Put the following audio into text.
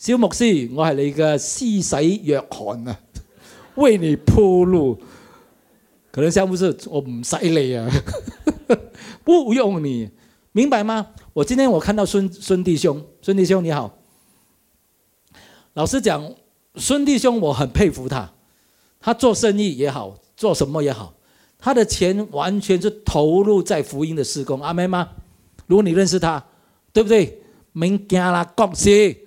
小牧師，我係你嘅施洗約翰啊，為你鋪路。可能不，想牧是我唔使你啊， 不用你，明白嗎？我今天我看到孫孫弟兄，孫弟兄你好，老實講孫弟兄，我很佩服他，他做生意也好，做什麼也好，他的錢完全是投入在福音的事工，阿們嗎？如果你認識他，對不對？名驚啦，恭喜！